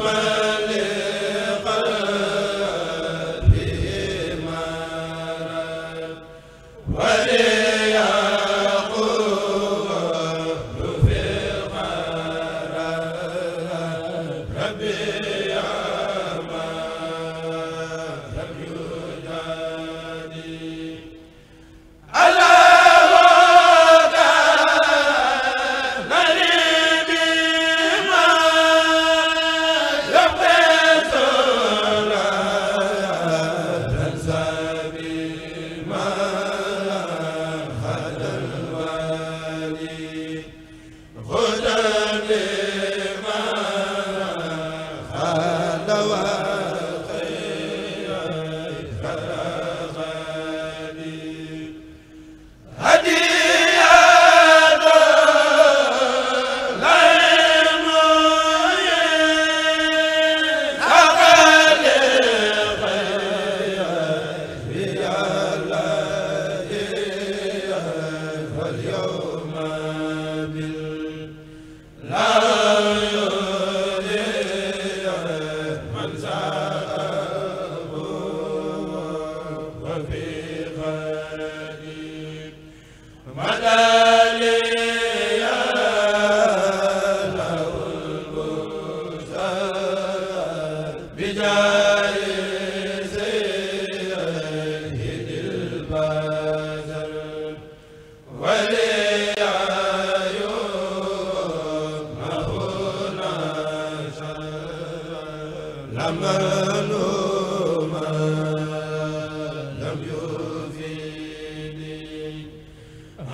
Muhammad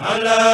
ala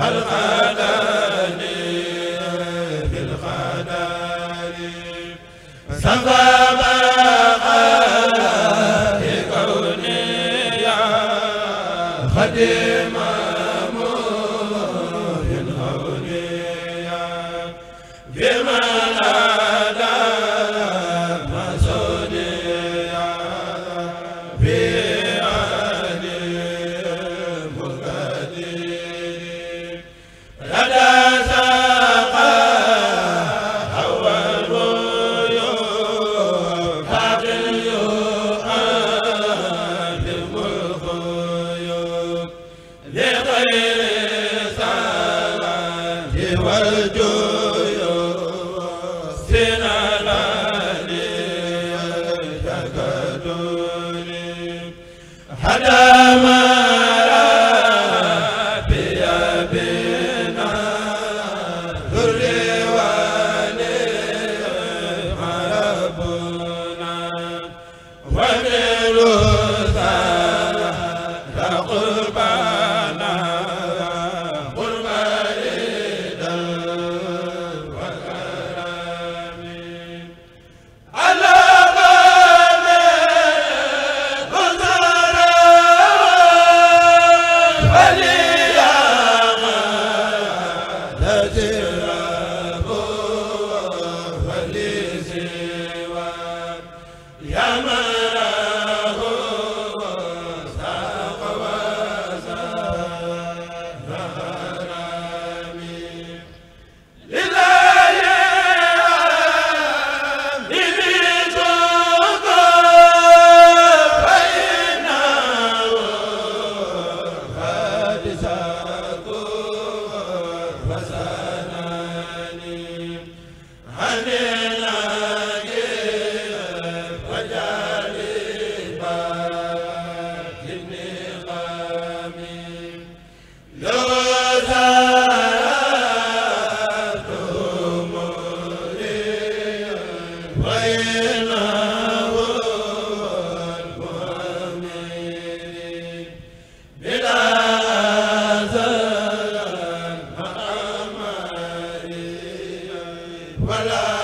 alxada لغير صلاة والجود wala